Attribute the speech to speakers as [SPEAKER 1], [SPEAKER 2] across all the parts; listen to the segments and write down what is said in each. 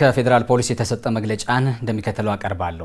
[SPEAKER 1] ከፌዴራል ፖሊስ የተሰጠ መግለጫን እንደሚከተለው አቀርባለሁ።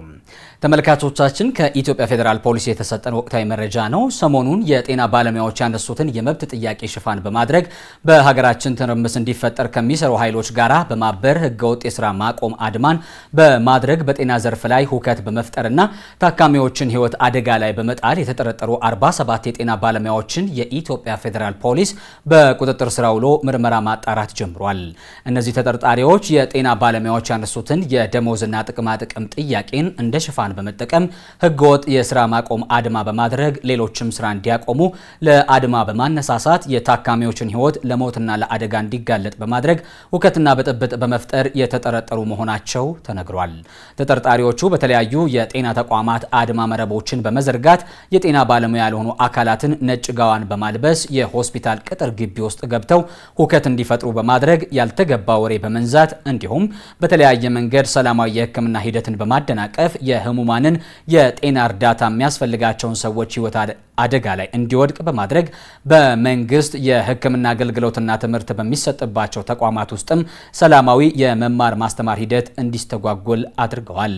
[SPEAKER 1] ተመልካቾቻችን ከኢትዮጵያ ፌዴራል ፖሊስ የተሰጠን ወቅታዊ መረጃ ነው። ሰሞኑን የጤና ባለሙያዎች ያነሱትን የመብት ጥያቄ ሽፋን በማድረግ በሀገራችን ትርምስ እንዲፈጠር ከሚሰሩ ኃይሎች ጋራ በማበር ህገወጥ የስራ ማቆም አድማን በማድረግ በጤና ዘርፍ ላይ ሁከት በመፍጠርና ታካሚዎችን ህይወት አደጋ ላይ በመጣል የተጠረጠሩ 47 የጤና ባለሙያዎችን የኢትዮጵያ ፌዴራል ፖሊስ በቁጥጥር ስር አውሎ ምርመራ ማጣራት ጀምሯል። እነዚህ ተጠርጣሪዎች የጤና ባለሙያዎች ያነሱትን የደሞዝና ጥቅማጥቅም ጥያቄን እንደ ሽፋን በመጠቀም ህገወጥ የስራ ማቆም አድማ በማድረግ ሌሎችም ስራ እንዲያቆሙ ለአድማ በማነሳሳት የታካሚዎችን ህይወት ለሞትና ለአደጋ እንዲጋለጥ በማድረግ ሁከትና ብጥብጥ በመፍጠር የተጠረጠሩ መሆናቸው ተነግሯል። ተጠርጣሪዎቹ በተለያዩ የጤና ተቋማት አድማ መረቦችን በመዘርጋት የጤና ባለሙያ ያልሆኑ አካላትን ነጭ ጋዋን በማልበስ የሆስፒታል ቅጥር ግቢ ውስጥ ገብተው ሁከት እንዲፈጥሩ በማድረግ ያልተገባ ወሬ በመንዛት እንዲሁም በተለያየ መንገድ ሰላማዊ የህክምና ሂደትን በማደናቀፍ የህሙማንን የጤና እርዳታ የሚያስፈልጋቸውን ሰዎች ህይወት አደጋ ላይ እንዲወድቅ በማድረግ በመንግስት የህክምና አገልግሎትና ትምህርት በሚሰጥባቸው ተቋማት ውስጥም ሰላማዊ የመማር ማስተማር ሂደት እንዲስተጓጎል አድርገዋል።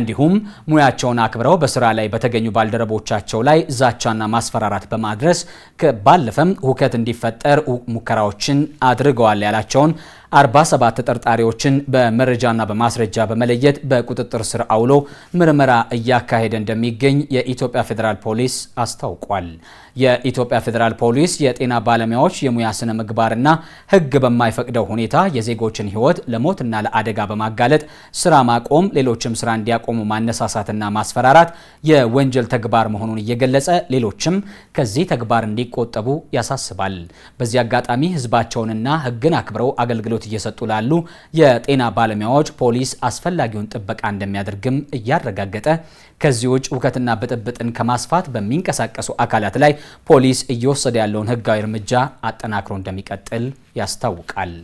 [SPEAKER 1] እንዲሁም ሙያቸውን አክብረው በስራ ላይ በተገኙ ባልደረቦቻቸው ላይ ዛቻና ማስፈራራት በማድረስ ባለፈም ሁከት እንዲፈጠር ሙከራዎችን አድርገዋል ያላቸውን 47 ተጠርጣሪዎችን በመረጃና በማስረጃ በመለየት በቁጥጥር ስር አውሎ ምርመራ እያካሄደ እንደሚገኝ የኢትዮጵያ ፌዴራል ፖሊስ አስታውቋል። የኢትዮጵያ ፌዴራል ፖሊስ የጤና ባለሙያዎች የሙያ ስነ ምግባርና ሕግ በማይፈቅደው ሁኔታ የዜጎችን ሕይወት ለሞትና ለአደጋ በማጋለጥ ስራ ማቆም፣ ሌሎችም ስራ እንዲያቆሙ ማነሳሳትና ማስፈራራት የወንጀል ተግባር መሆኑን እየገለጸ ሌሎችም ከዚህ ተግባር እንዲቆጠቡ ያሳስባል። በዚህ አጋጣሚ ሕዝባቸውንና ሕግን አክብረው አገልግሎ አገልግሎት እየሰጡ ላሉ የጤና ባለሙያዎች ፖሊስ አስፈላጊውን ጥበቃ እንደሚያደርግም እያረጋገጠ ከዚህ ውጭ ሁከትና ብጥብጥን ከማስፋት በሚንቀሳቀሱ አካላት ላይ ፖሊስ እየወሰደ ያለውን ሕጋዊ እርምጃ አጠናክሮ እንደሚቀጥል ያስታውቃል።